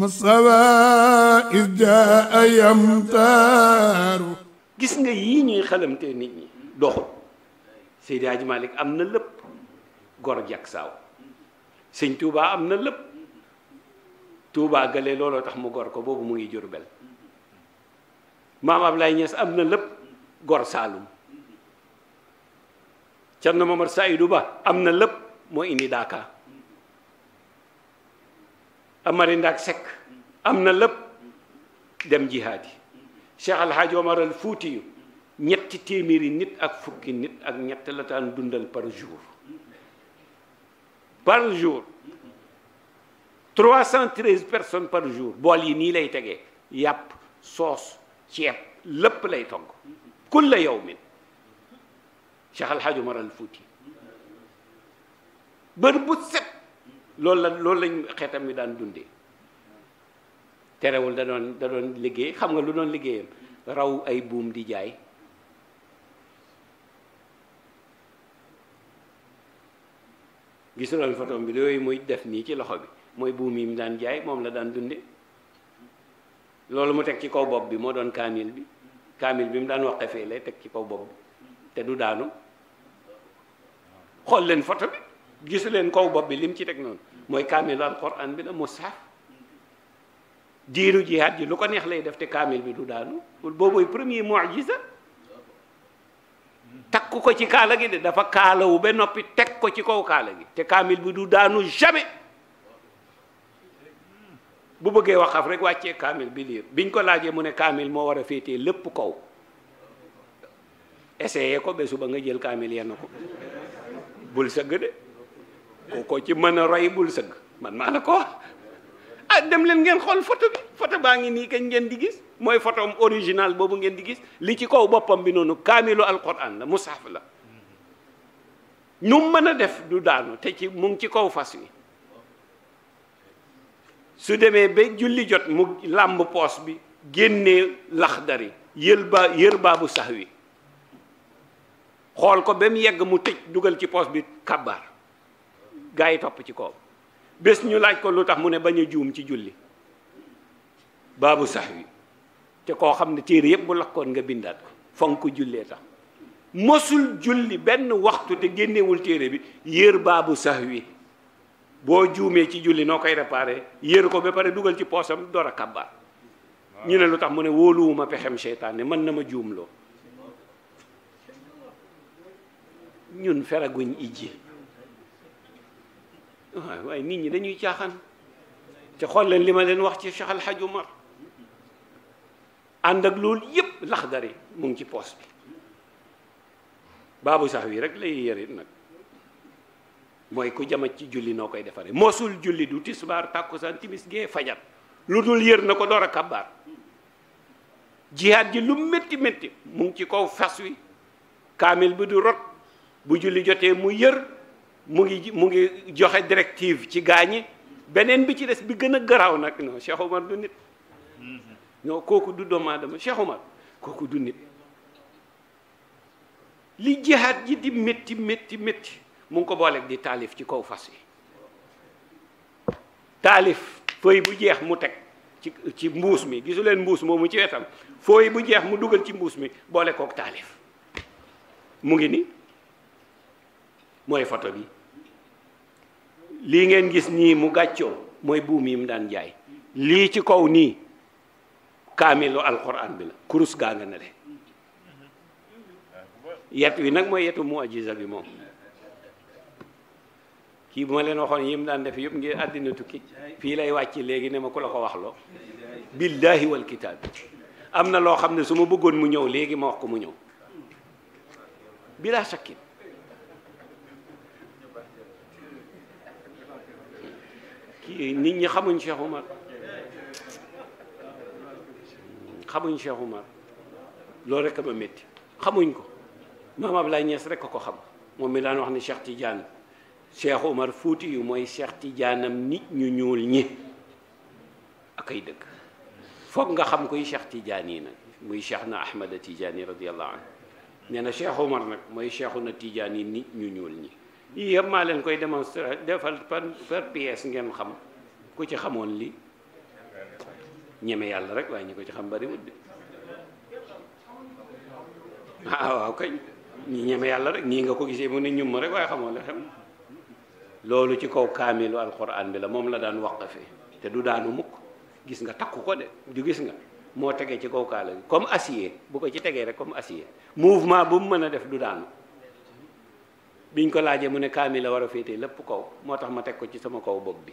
masawa is jaa yamtaaru gis nga yii ñuy xalamtee nit ñi doxul Seydi Hadji Malick am na lëpp gor jak saaw sëñ Touba am na lëpp Touba gale looloo tax mu gor ko boobu mu ngi Jurbel maam Ablaye Niass am na lépp gor Saalum Thierno Momar Saïdou Ba am na lëpp moo indi Daaka amari ndaak sekk am na lëpp dem jihaad yi Cheikh Alhaaj Omar al Fuuti yu ñetti téeméeri nit ak fukki nit ak ñett la daan dundal par jour par jour 313 personnes par jour bool yi nii lay tege yàpp soos ceeb lëpp lay togg kulla yawmin Cheikh Alhaaj Omar al Fuuti bër bu set loolu la loolu lañ xeetam mi daan dunde terewul da doon liggéey xam nga lu doon liggéeyam raw ay buum di jaay gisuloon photo bi yooyu muy def nii ci loxo bi mooy buum yi mu daan jaay moom la daan dunde loolu mu teg ci kaw bopp bi moo doon kaamil bi kaamil bi mu daan wax fee lay teg ci kaw bopp bi te du daanu xool leen foto bi gisuleen kaw bopp bi lim ci teg noonu mooy kaamilu alquran bi la mushaf diiru jihaat ji lu ko neex lay def te kaamil bi du daanu booboy premier mu'jiza takk ko ci kaala gi de dafa kaalawu ba noppi teg ko ci kaw kaala gi te kaamil bi du daanu jamais bu bëggee waxaf rek wàccee kaamil bi liir biñ ko laajee mu ne kaamil moo war a féetee lépp kaw essayé ko ba nga jël kaamil yenn ko bul sëgg de ku ko ci mën a roy bul sëgg man maa la ko wax ah dem leen ngeen xool photo bi photo baa ngi nii kañ ngeen di gis mooy photo original boobu ngeen di gis li ci kaw boppam bi noonu kaamilu alquran la mushaf la nu mën a def du daanu te ci mu ngi ci kaw fas wi su demee ba julli jot mu làmb poos bi génnee laxdari yël yër baabu sax wi xool ko ba mu yegg mu tëj dugal ci poos bi kabaar gaa yi topp ci kaw bés ñu laaj ko lu tax mu ne bañ a juum ci julli baabu sax wi te koo xam ne téere yëpp bu lakkoon nga bindaat ko fonk jullee tax mosul julli benn waxtu te génnewul téere bi yër baabu sax wi boo juumee ci julli noo koy réparé yër ko ba pare dugal ci poosam door a ñu ne lu tax mu ne wóoluwuma pexem seytaane mën na ma juumloo ñun feraguñ ijji waaw ah, waaye nit ñi dañuy caaxaan te xool leen li ma leen wax ci Cheikh Al Hadj Omar ànd ak loolu yépp laxdari mu ngi ci poos bi baabu sax wi rek lay yërit nag mooy ku jamat ci julli noo koy defaree mosul julli du tisbaar tàkkusaan timis gee fajar lu dul yër na ko door a kabaar jihaat ji lu métti métti mu ci kaw fas wi kaamil bi du rot bu julli jotee mu yër mu ngi mu ngi joxe directive ci gaañi beneen bi ci des bi gën a garaaw nag non Cheikh du nit non kooku du doomu aadama Cheikh kooku du nit li jihaat ji di métti métti métti mu ngi ko booleeg di taalif ci kaw fas yi taalif fooy bu jeex mu teg ci ci mbuus mi gisuleen leen mbuus mu ci wetam fooy bu jeex mu dugal ci mbuus mi boole kook taalif mu ngi nii mooy foto bi lii ngeen gis nii mu gàccoo mooy buum yi mu daan jaay lii ci kaw nii kaamilu alquran bi la kurus gaa nga ne yet wi nag mooy yetu mu'jiza bi moom kii bu ma leen waxoon yi mu daan def yëpp ngir àddina tukki fii lay wàcc léegi ne ma ku la ko wax loo billaahi wal kitaab am na loo xam ne su ma bëggoon mu ñëw léegi ma wax ko mu ñëw bilaa shakkin nit ñi xamuñ Cheikh Oumar xamuñ Cheikh loolu rek a ma métti xamuñ ko maam Ablaye Niass rek a ko xam moom mi daan wax ni Cheikh Tidiane Cheikh Oumar Fuuti yu mooy Cheikh Tidianeam nit ñu ñuul ñi akay dëkk dëgg foog nga xam koy Cheikh Tidiane yi nag muy Cheikh na Ahmada Tidiane yi radiyallahu anhu nee na Cheikh Oumar nag mooy Cheikhu na Tidiane yi nit ñu ñuul ñi yii yëpp maa leen koy démontrer defal par par pièce ngeen xam ku ci xamoon li ñeme yàlla rek waaye ñu ko ci xam bari wut de ah waaw kañ ñi ñeme yàlla rek nii nga ko gisee mu ne ñum rek waaye xamoon la xam loolu ci kaw kaamilu alxuraan bi la moom la daan waqafe te du daanu mukk gis nga takku ko de du gis nga moo tegee ci kaw kaala bi comme acier bu ko ci tegee rek comme acier mouvement bu mu mën a def du daanu biñ ko laajee mu ne kaamil la war a féete lépp kaw moo tax ma teg ko ci sama kaw bopp bi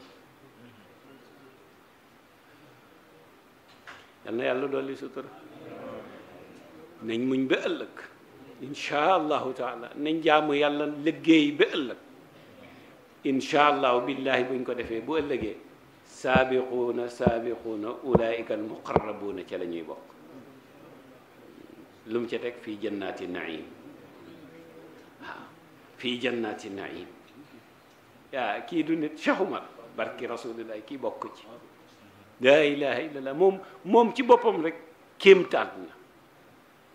yal na yàlla dolli sutura nañ muñ ba ëllëg insha allahu taala nañ jaamu yàlla liggéey ba ëllëg insha allahu billahi buñ ko defee bu ëllëgee saabiquuna saabiquuna ulaika almuqarrabuuna ca la ñuy bokk lu mu ca teg fii jannaati naim fii jannaati naim yaa kii du nit Cheikh Umar barki rasulillah kii bokk ci laa ilaha illallah moom moom ci boppam rek kéemtaan na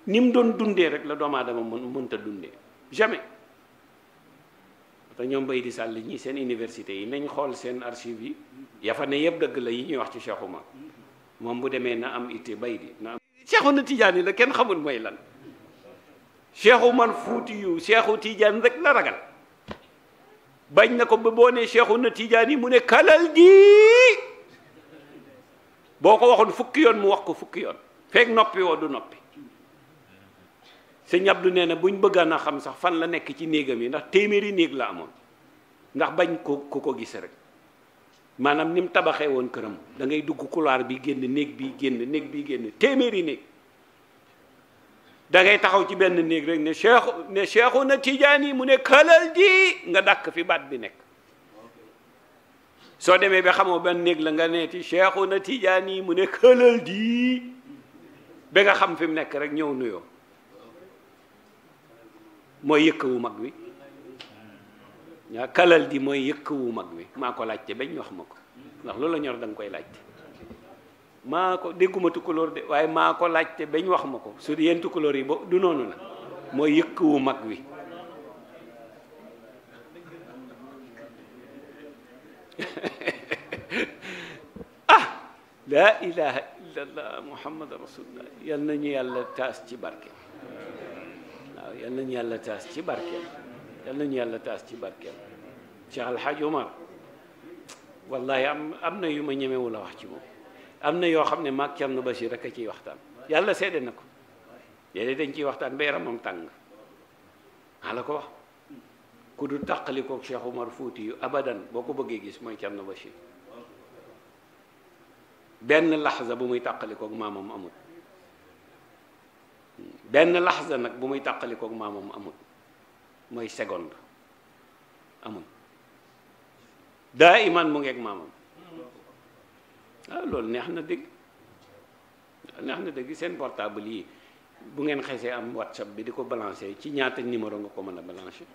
ni mu doon dundee rek la doomu aadama mën mënta dundee jamais te ñoom bay di sàll ñii seen université yi nañ xool seen archive yi yafa ne yëpp dëgg la yi ñuy wax ci Cheikh Umar moom bu demee na am itte bay di na am Cheikhouna Tidiane la kenn xamul mooy lan cheikhu man fuuti yu cheikhu tiijaan rek la ragal bañ na ko ba boo ne cheikhu na tiijaan yi mu ne kalal ji boo ko waxoon fukki yoon mu wax ko fukki yoon feek noppi woo du noppi sëñ Abdou nee na buñ bëggaan a xam sax fan la nekk ci néegam yi ndax téeméeri néeg la amoon ndax bañ ko ku ko gis rek maanaam ni mu tabaxee woon këram dangay ngay dugg couloir bi génn néeg bi génn néeg bi génn téeméeri néeg dangay taxaw ci benn néeg rek ne cheikh ne cheikhu na tijaani mu ne këlal di nga dàkk fi baat bi nekk soo demee ba xamoo benn néeg la nga ne ci cheikhu na tijaani mu ne këlal ji ba nga xam fi mu nekk rek ñëw nuyoo mooy yëkk wu mag wi waaw këlal ji mooy yëkk wu mag wi maa ko laajte bañ wax ma ko ndax loolu la ñor da koy laaj laajte maa ko dégguma tukulóor de waaye maa ko te bañ wax ma ko su yéen tukulóor yi ba du noonu la mooy yëkkwu mag wi ah laa ilaha illallah muhammad rasulullah yal nañu yàlla taas ci barke waaw yal nañu yàlla taas ci barkeem taas ci barkeem Cheikh Alhaaj Omar wallahi am am na yu ma ñemewul a wax ci moom am na yoo xam ne maag Thierno Bachir rek a ciy waxtaan yàlla seede na ko léeg-léeg dañ ciy waxtaan ba yaramam tàng maa la ko wax ku du tàqali ko Cheikh Umar Fuuti abadan boo ko bëggee gis mooy Thierno Bachir benn laxza muy tàqali koog amul benn laxza nag bu muy tàqali koog maamam amul mooy seconde amul daa iman mu ngeeg maamam ah loolu neex na dégg neex na dëgg seen portable yi bu ngeen xesee am whatsapp bi di ko balancer ci ñaata numéro nga ko mën a balancer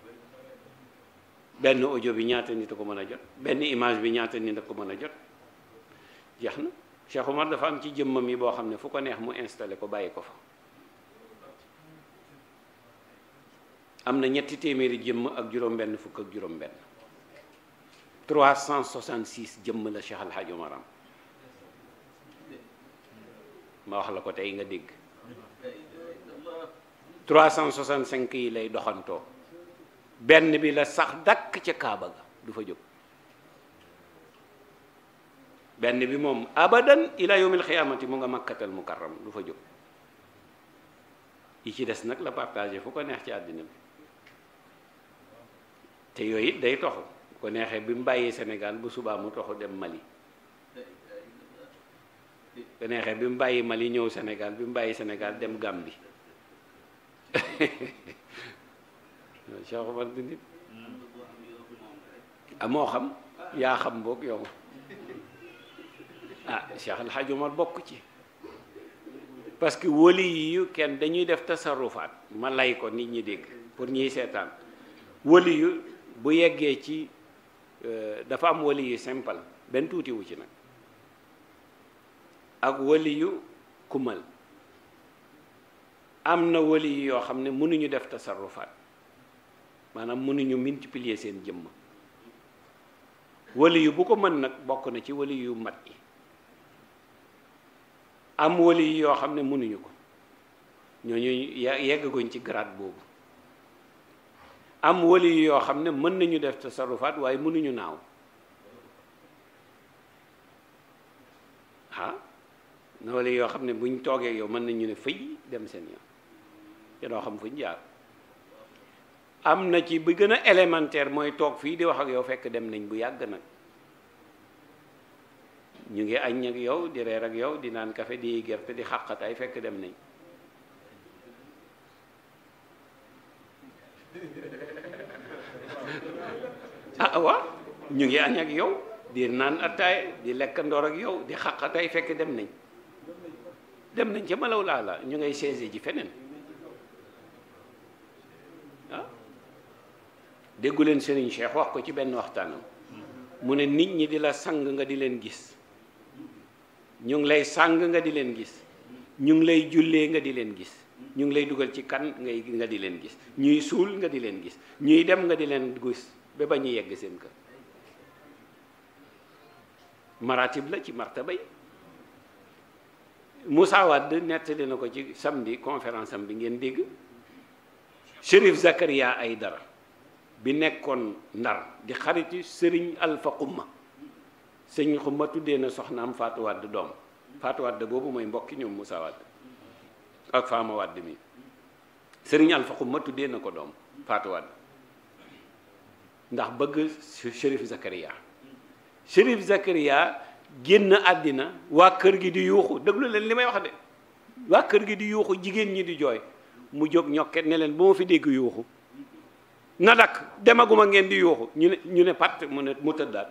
benn ojo bi ñaata nit a ko mën a jot benn image bi ñaata nit a ko mën a jot jeex na Cheikh Omar dafa am ci jëmmam yi boo xam ne fu ko neex mu installé ko bàyyi ko fa am na ñetti téeméeri jëmm ak juróom-benn fukk ak juróom-benn 366 jëmm la Cheikh Al Hadj Omar am ma wax la ko tey nga dégg 365 yi lay doxantoo benn bi la sax dakk ca kaaba ga du fa jóg benn bi moom abadan ila yawmil xiyaamati mu nga makkatal mukarram du fa jóg yi ci des nag la partagé fu ko neex ci àddina bi te yooyu it day toxu ko neexee bi mu bàyyee senegal bu subaa mu toxu dem Mali te bi mu bàyyi Mali ñëw senegal bi mu bàyyi Sénégal dem Gambie Cheikh Omar di nit ah moo xam yaa xam boog yow ah Cheikh El bokk ci parce que wóli yu kenn dañuy def tasarrufaat ma lay ko nit ñi dégg pour ñuy seetaan wóli yu bu yeggee ci euh, dafa am wóli yu simple benn tuutiwu ci nag. ak waliyu kumal am na wali yoo xam ne mënuñu def tasarrufaat maanaam mënuñu multiplier seen jëmm wali yu bu ko mën nag bokk na ci wali yu mat yi am wali yoo xam ne mënuñu ko ñooñu yeggaguñ ci grade boobu am wali yoo xam ne mën nañu def tasarrufaat waaye mënuñu naaw nawle yoo xam ne buñ toogee yow mën nañu ne fëy dem seen yoon te doo xam fuñ jaar am na ci bi gën a élémentaire mooy toog fii di wax ak yow fekk dem nañ bu yàgg nag ñu ngi añ ak yow di reer ak yow di naan kafe di gerte di xàqataay fekk dem nañ ah waaw ñu ngi yow di naan attaay di lekkandoor ak yow di xàqataay fekk dem nañ dem nañ ca malaw laa la ñu ngay chaise ji feneen ah déggu leen Serigne Cheikh wax ko ci benn waxtaanam mu ne nit ñi di la sang nga di leen gis ñu ngi lay sang nga di leen gis ñu ngi lay jullee nga di leen gis ñu ngi lay dugal ci kan ngay nga di leen gis ñuy suul nga di leen gis ñuy dem nga di leen gis ba ba ñu yegg seen kër maratib la ci martaba yi Moussa Wade nettali na ko ci samedi conférence am bi ngeen dégg Chérif ay dara bi nekkoon ndar di xaritu Serigne Alpha Xumma Serigne Xumma tuddee na soxnaam Fatou Wade doom Fatou boobu mooy mbokki ñoom Moussa Wade ak Fama Wade mi Serigne Alpha Xumma tuddee na ko doom Fatou ndax bëgg Chérif Zakaria Chérif Zakaria génn àddina waa kër gi di yuuxu déglu leen li may wax de waa kër gi di yuuxu jigéen ñi di jooy mu jóg ñokket ne leen bu ma fi dégg yuuxu na dakk demaguma ngeen di yuuxu ñu ne ñu ne pat mu ne mu tëddaat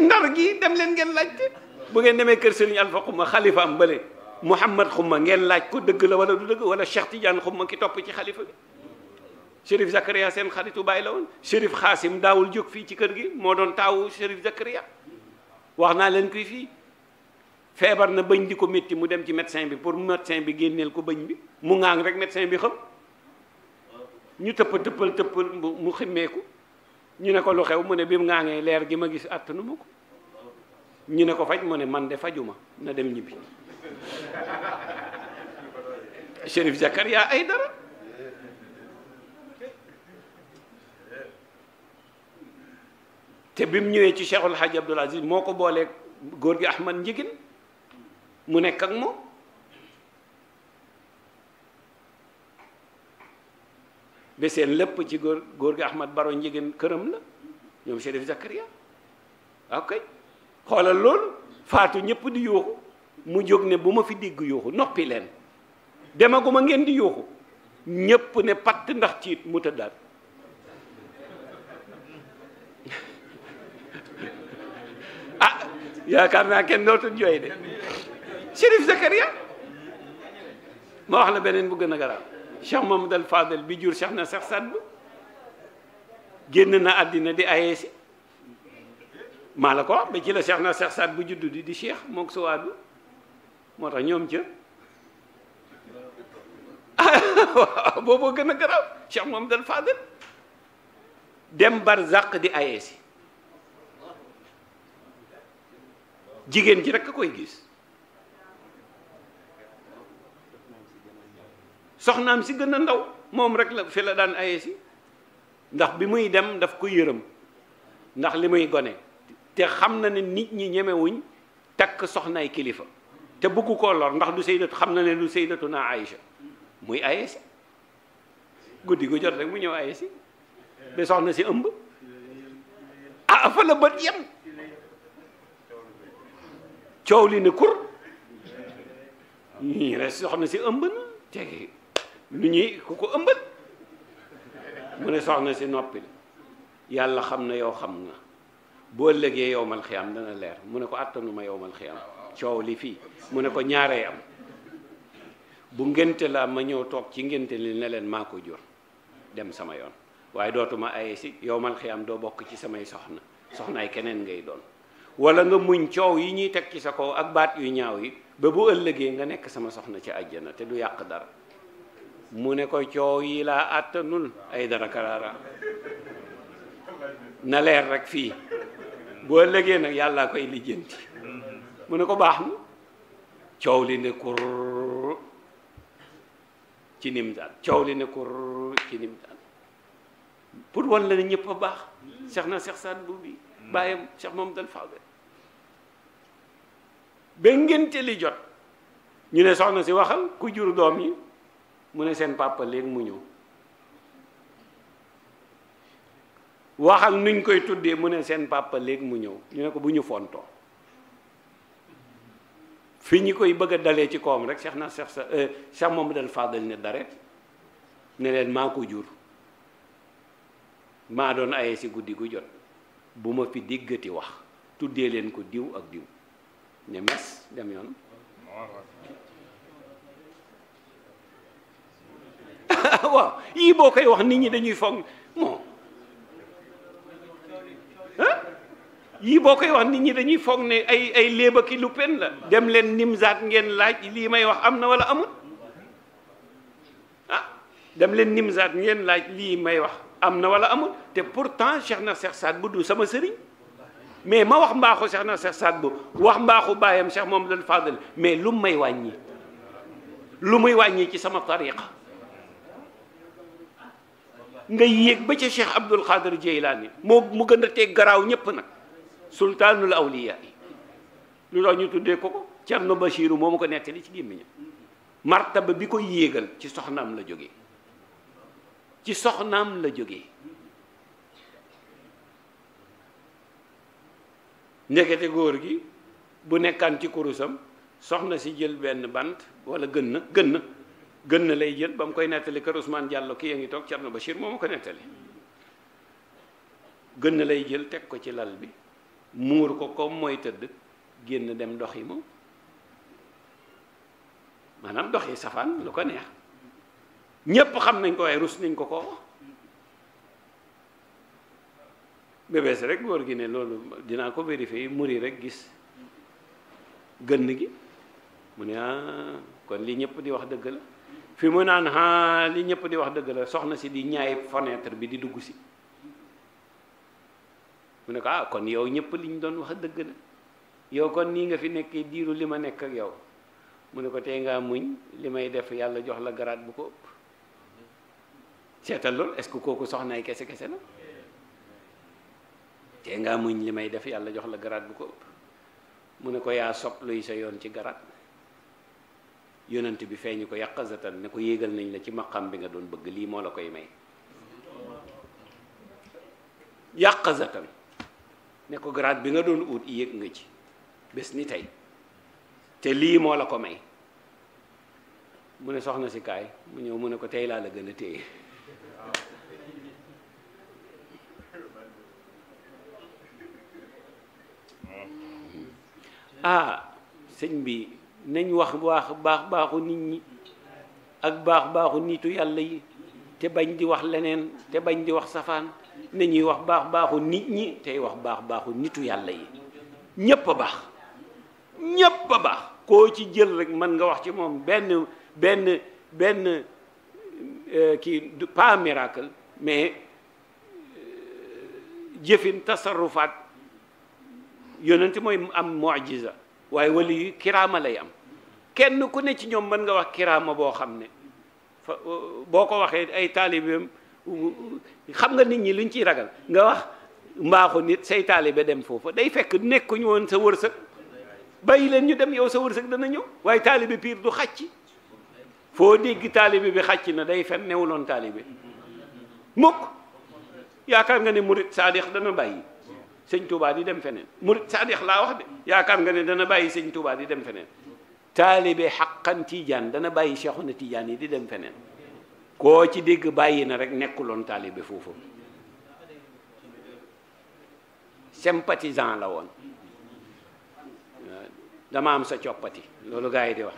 ndar gi dem leen ngeen laajte bu ngeen demee kër Serigne Alpha Xuma xalifa am bële Mouhamad Xuma ngeen laaj ko dëgg la wala du dëgg wala Cheikh Tidiane Xuma ki topp ci xalifa bi Chérif Zakaria seen xaritu bàyyi la woon Chérif Xaasim daawul jóg fii ci kër gi moo doon taawu Chérif Zakaria wax naa leen kuy fii feebar na bëñ di ko métti mu dem ci médecin bi pour médecin bi génneel ko bëñ bi mu ŋaang rek médecin bi xam ñu tëpp tëppal tëppal mu ximmeeku ñu ne ko lu xew mu ne bi mu ŋaangee leer gi ma gis attanu ma ko ñu ne ko faj mu ne man de fajuma na dem ñibbi Chérif Zakaria ay dara te bi mu ñëwee ci Cheikhul Hadj Abdoul Aziz moo ko boolee góor gi Ahmad Njigin mu nekk ak moom ba seen lépp ci góor góor gi Ahmad Baro Njigin këram la ñoom Chérif Zakaria ok xoolal loolu faatu ñépp di yuuxu mu jóg ne bu ma fi dégg yuuxu noppi leen demaguma ngeen di yuuxu ñëpp ne patt ndax tiit mu tëddaat yaakaar naa kenn dootul jooy de Chérif Zakaria ma wax la beneen bu gën a garaaw Cheikh Mamadou Al Fadel bi jur seex na Cheikh Saad Bou génn na àddina di ayeesi maa la ko wax ba ci la Cheikh na Cheikh Saad Bou juddu di di Cheikh mook Suwaadu moo tax ñoom ca waaw booboo gën a garaaw Cheikh Mamadou Al Fadel dem barzaq di ayeesi jigéen ji rek a koy gis soxnaam si gën a ndaw moom rek la fi la daan aye si ndax bi muy dem daf ko yërëm ndax li muy gone te xam na ne nit ñi ñemewuñ takk soxnaay kilifa te bëgg koo lor ndax du saydatu xam na ne du saydatu naa Aïcha muy aye si guddi gu jot rek mu ñëw aye si ba soxna si ëmb ah fa la bët yem coow li ne kur ñu ne soxna si ëmb na te lu ñuy ku ko ëmbal mu ne soxna si noppil yàlla xam na yow xam nga boo lëgee yow mal am dana leer mu ne ko àttanu ma yow mal xiyaam coow li fii mu ne ko ñaaree am bu ngénte la ma ñëw toog ci ngénte li ne leen maa ko jur dem sama yoon waaye dootuma aye si yow mal am doo bokk ci samay soxna soxnaay keneen ngay doon wala nga muñ coow yi ñuy teg ci sa ko ak baat yu ñaaw yi ba bu ëllëgee nga nekk sama soxna ci àjjana te du yàq dara mu ne ko coow yi laa àttanul ay dara karaara na leer rek fii bu ëllëgee nag yàllaa koy lijjanti mu ne ko baax na coow li ne kur ci nim daal coow li ne kur ci nim pour wan la ne ñëpp a baax seex na seex saat bu bi bàyyam seex moom dal faabel ba ngeen li jot ñu ne soxna si waxal ku jur doom yi mu ne seen papa mu ñëw waxal nuñ koy tuddee mu ne seen papa léegi mu ñëw ñu ne ko bu ñu fontoo fi ñu koy bëgg dalee ci koom rek Cheikh na Cheikh sa mu euh, Mamadou Fadel ne dare ne leen maa ko jur maa doon aye si guddi gu jot bu ma fi diggati wax tuddee leen ko diw ak diw ne mes dem yoon waaw yii boo koy wax nit ñi dañuy foog boo koy wax nit ñi dañuy foog ne ay ay léeba ki lu pen la dem leen nimzaat ngeen laaj lii may wax am na wala amul ah dem leen nimzaat ngeen laaj lii may wax am na wala amul te pourtant Cheikh na Cheikh Saad bu du sama sëriñ mais ma wax mbaaxu seex na Cheikh Saad Bou wax mbaaxu baayam Cheikh moom lal Fadal mais lu may wàññi lu muy wàññi ci sama tariqa nga yéeg ba ca Cheikh Abdul Qadir Jeylaani moo mu gën a teg garaaw ñépp nag sultaanul awliya yi lu tax ñu tuddee ko ko Cerno Bachiru moo ma ko nettali ci gémmiñam martaba bi koy yéegal ci soxnaam la jóge ci soxnaam la jóge ndekete góor gi bu nekkaan ci kurusam soxna si jël benn bant wala gën na gën na gën na lay jël ba mu koy nettali kër Ousmane Diallo kii ya ngi toog Thierno Bachir moo moom ko nettali gën lay jël teg ko ci lal bi muur ko comme mooy tëdd génn dem doxi moom maanaam doxi safaan lu ko neex ñépp xam nañ ko waaye rus nañ ko ko bébés rek góor gi ne loolu dinaa ko vérifier yi muri rek gis gënn gi mu ne ah kon li ñëpp di wax dëgg la fi mu naan ah li ñëpp di wax dëgg la soxna si di ñaay fenêtre bi di dugg si mu ne ko ah kon yow ñëpp li ñu doon wax dëgg la yow kon nii nga fi nekkee diiru li ma nekk ak yow mu ne ko tey ngaa muñ li may def yàlla jox la garaat bu ko ëpp seetal loolu est-ce que kooku soxnaay kese kese na tee ngaa muñ li may def yàlla jox la garaat bu ko ëpp mu ne ko yaa sob luy sa yoon ci garaat yonent bi feeñu ko yàqazatan ne ko yéegal nañ la ci maqam bi nga doon bëgg lii moo la koy may yàqazatan ne ko garaat bi nga doon ut yéeg nga ci bés ni tey te lii moo la ko may mu ne soxna si kaay mu ñëw mu ne ko tey laa la gën a téye ah sëñ bi nañ wax waax baax baaxu nit ñi ak baax baaxu nitu yàlla yi te bañ di wax leneen te bañ di wax safaan nañuy wax baax baaxu nit ñi tey wax baax baaxu nitu yàlla yi ñépp a baax ñépp a baax koo ci jël rek mën nga wax ci moom benn benn benn euh, kii pas miracle mais euh, jëfin tasarrufaat yonent mooy am mu'jiza waaye wali yu kiraama lay am kenn ku ne ci ñoom mën nga wax kiraama boo xam ne fa uh, boo ko waxee ay taalibeem xam nga nit ñi luñ ciy ragal nga wax mbaaxu nit say taalibe dem foofa day fekk nekkuñu woon sa wërsëg bàyyi leen ñu dem yow sa wërsëg dana ñëw waaye taalibe piir du xacc foo dégg taalibe bi xacc na day fen newuloon taalibe mukk yaakaar nga ne murit saadix dana bàyyi sëñ Touba di dem feneen murid saadix laa wax de yaakaar nga ne dana bàyyi sëñ Touba di dem feneen taalibe xaqan tiijaan dana bàyyi na Tiijaan yi di dem feneen koo ci dégg bàyyi na rek nekkuloon taalibe foofu sympathisant la woon dama am sa coppati loolu gaa yi di wax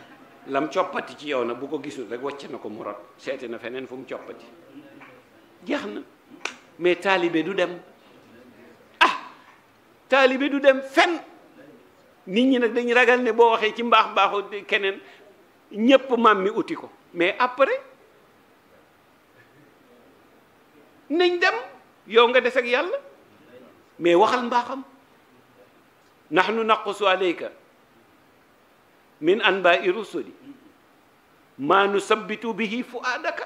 lam coppati ci yow na bu ko gisul rek wacc na ko mu rot seeti na feneen fu mu coppati jeex na mais taalibe du dem taalibe du dem fenn nit ñi nag dañu ragal ne boo waxee ci mbaax mbaaxu keneen ñépp maam mi uti ko mais après nañ dem yow nga des yàlla mais waxal mbaaxam nahnu naqusu alayka min anbaai rusuli maa nusabbitu bihi fuaadaka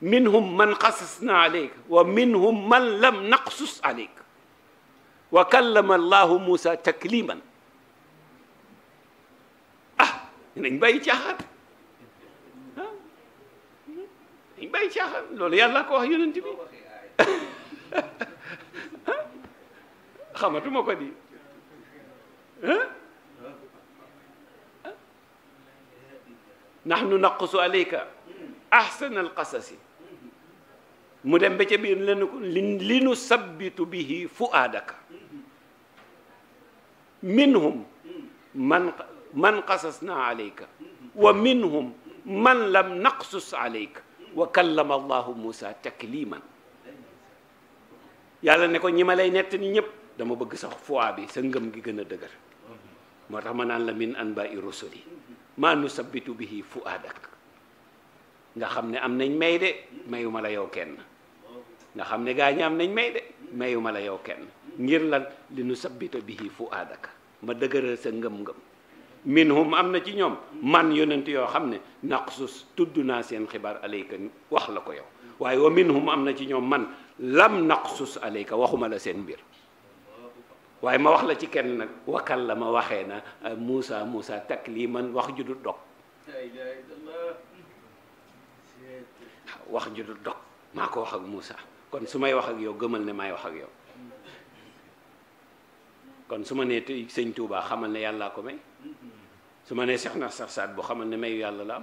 minhum man qasasna alayka wa minhum man lam naqsus alayka wa kallama allahu Moussa takliman ah nañ bàyyi caaxaan ah nañ bàyyi caaxaan loolu yàlla ko wax yonent bi xamatuma ko di nahnu naqussu alayka ahsana alqasasi mu dem ba ca biir lenu li nu sabbitu bihi fuaadaka minhum man man qasasna alayka wa minhum man lam naqsus alayka wa kallama allahu Musa takliman yàlla ne ko ñi ma lay nett ni ñëpp dama bëgg sax fuwaa bi sa ngëm gi gën a dëgër moo tax ma naan la min anba'i rusuli maa nusabbitu bihi fuaadak nga xam ne am nañ may de mayuma la yow kenn nga xam ne gaa ñi nañ may de mayuma la yow kenn ngir lan li nu bi bihi fu aadaka ma dëgëral sa ngëm-ngëm minhum am na ci ñoom man yonent yoo xam ne naqsus tudd naa seen xibaar alayka wax la ko yow waaye wa minhum am na ci ñoom man lam suus alayka waxuma la seen mbir waaye ma wax la ci kenn nag wakkal la ma waxee na ah, Moussa Moussa takliman wax ju du dog wax ju du dog maa ko wax ak muusa kon su may wax ak yow gëmal ne may wax ak yow kon su ma nee sëñ Touba xamal ne yàllaa ko may su ma nee Cheikh Nassar Saad bu xamal ne mayu yàlla la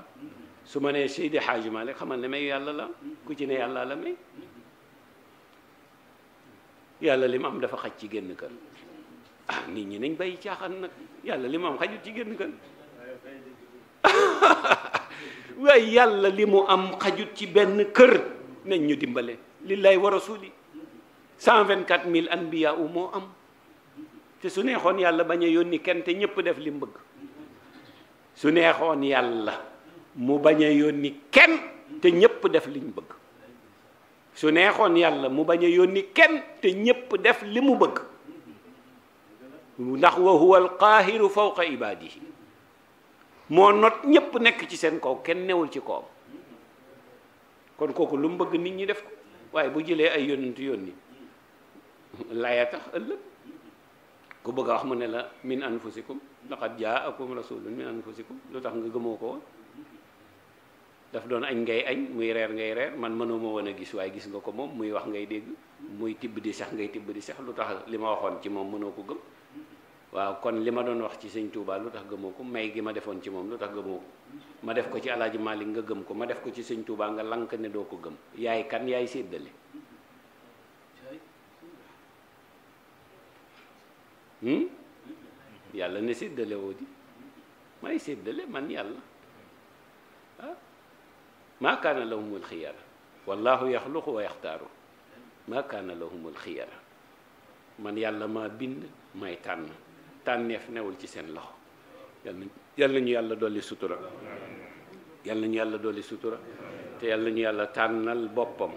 su ma nee Seydi Hadji Malick xamal ne mayu yàlla la ku ci ne yàllaa la may yàlla li mu am dafa xaj ci génn kër ah nit ñi nañ bay caaxaan nag yàlla li mu am xajut ci génn kër waaye yàlla li mu am xajut ci benn kër nañ ñu dimbale lillahi wa rasuli cent vingt quatre mille anbiya u moo am te su neexoon yàlla bañ a yónni kenn te ñépp def li mu bëgg su neexoon yàlla mu bañ a yónni kenn te ñépp def liñ bëgg su neexoon yàlla mu bañ a yónni kenn te ñépp def li mu bëgg ndax wa huwa alqaahiru fawqa ibaadihi moo not ñépp nekk ci seen kaw kenn newul ci kawam kon kooku lu mu bëgg nit ñi def ko waaye bu jëlee ay yonent yónni laya tax ëllëg ku bëgg a wax mu ne la min anfusikum laqad jaakum rasulun min anfusikum lu tax nga gëmoo ko woon daf doon añ ngay añ muy reer ngay reer man mënoo ma woon a gis waaye gis nga ko moom muy wax ngay dégg muy tibb di sax ngay tibb di sax lu tax li ma waxoon ci moom mënoo ko gëm waaw kon li ma doon wax ci sañ Touba lu tax gëmoo ko may gi ma defoon ci moom lu tax gëmoo ma def ko ci alaaji Malick nga gëm ko ma def ko ci sëñ Touba nga lank ne doo ko gëm yaay kan yaay séddale hmm? yàlla ne séddale woo di may séddale man yàlla ah maa kaana lahumul xiyara wallahu yaxluqu wa yaxtaaru maa kaana lahumul xiyara man yàlla maa bind may tànn tànneef newul ci seen loxo yal nañu yàlla dolli sutura yal nañu yàlla dolli sutura te yal nañu yàlla tànnal boppam